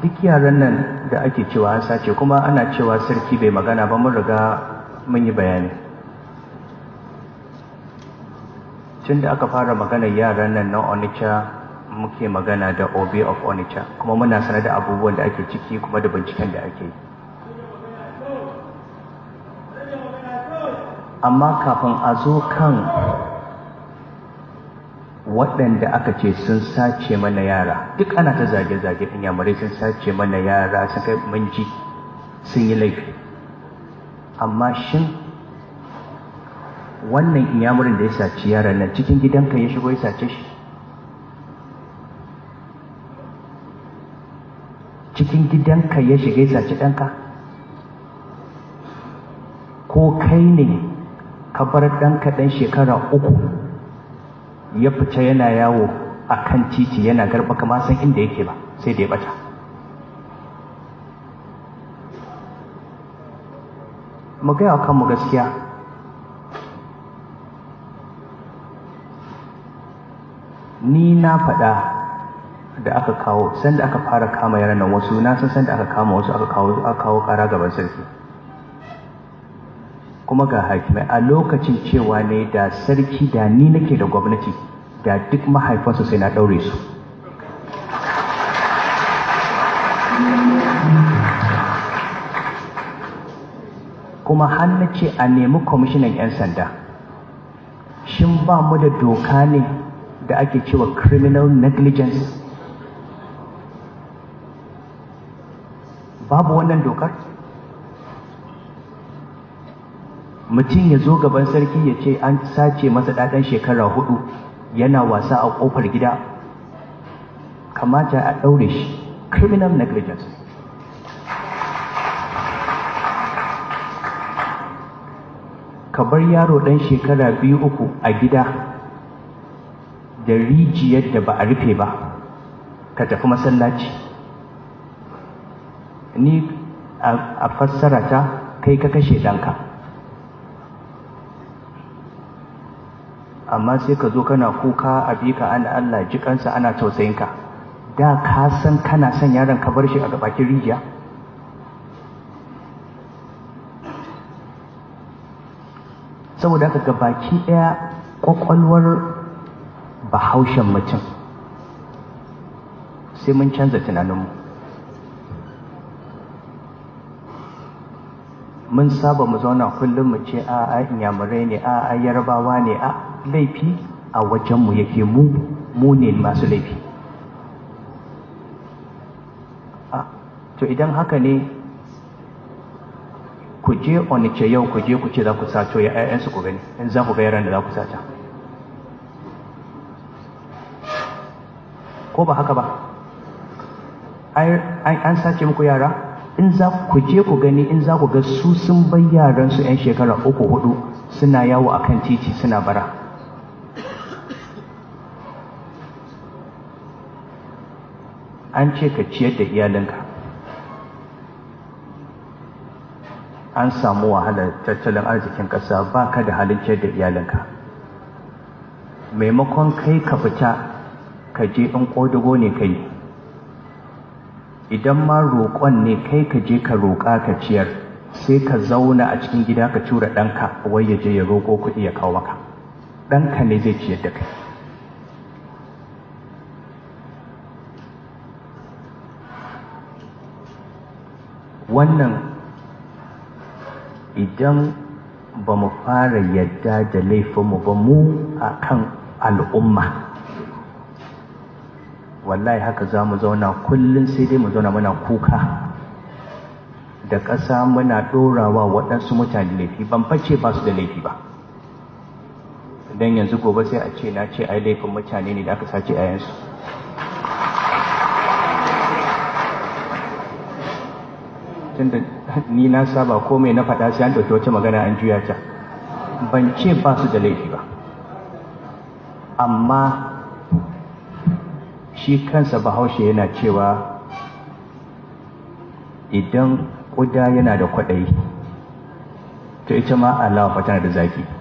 duk yaran nan da ake cewa an sace kuma ana cewa sarki bai magana ba mun riga mun yi bayani tun da aka fara magana yaran nan na onitsha muke magana da obi of onitsha kuma muna sanar da abubuwan da ake ciki kuma da binciken da ake yi amma kafin a zo kan waɗanda aka ce sun sace mana yara duk ana ta zage-zage ɗin yamurai sun sace mana yara sun kai manji sun yi laifi amma shin wannan yamurin da ya sace yara nan cikin gidanka ya shigo ya sace shi cikin gidanka ya shiga ya sace ɗanka ko kai ne ka bar ɗanka ɗan shekara uku ya fice yana yawo a kan titi yana garba kama san inda yake ba sai da ya bata mu gaya wa kanmu gaskiya ni na faɗa da aka kawo sanda aka fara kama yaran nan wasu na san sanda aka kama wasu aka kawo aka kawo kara gaban sarki kuma ga hakimai a lokacin cewa ne da sarki da ni nake da gwamnati da duk mahaifansu sai na ɗaure su kuma hannu ce a nemi kwamishinan 'yan sanda shin ba mu da doka ne da ake cewa criminal negligence babu wannan dokar mutum ya zo gaban sarki ya ce an sace masa ɗaɗan shekara hudu yana wasa a ƙofar gida kamata a ɗaure shi criminal negligence ka bar yaro ɗan shekara biyu uku a gida da rijiyar da ba a rufe ba ka tafi masallaci ni a fassara ta kai ka kashe ɗanka amma sai ka zo kana kuka a bika an Allah jikansa ana tausayin ka da ka san kana son yaron ka bar shi a gabakin rijiya saboda ka gabaki ɗaya ƙwaƙwalwar bahaushen mutum sai mun canza tunaninmu mun saba mu zauna kullum mu ce a a inyamurai ne a a yarbawa ne a laifi a wajenmu yake mu mu ne masu laifi A to idan haka ne ku je onice yau ku je ku ce za ku sato ya 'ya'yansu ku gani in za ku ga yaran da za ku sata ko ba haka ba an sace muku yara in za ku je ku gani in za ku ga su sun bai yaran su yan shekara uku hudu suna yawo a kan titi suna bara an ce ka ciyar da iyalinka an samu wahalar tattalin arzikin ƙasa ba ka da halin ciyar da iyalinka maimakon kai ka fita ka je in ƙodugo ne ka yi idan ma roƙon ne kai ka je ka roƙa ka ciyar sai ka zauna a cikin gida ka cura ɗanka wai ya je ya roƙo kuɗi ya kawo maka ɗanka ne zai ciyar da kai wannan idan ba mu fara yadda da laifinmu ba mu a kan al'umma wallahi haka za mu zauna kullum sai dai mu zauna muna kuka da ƙasa muna ɗorawa waɗansu mutane laifi ban face ba su da laifi ba don yanzu gobe sai a ce na ce ai laifin mutane ne da aka sace a ayansu tunda ni na saba komai na faɗa sai an ɗauki wata magana an juya ta ban ce ba su da laifi ba amma shi kansa bahaushe yana cewa idan ƙuda yana da kwaɗayi to ita ma alawa tana da zaki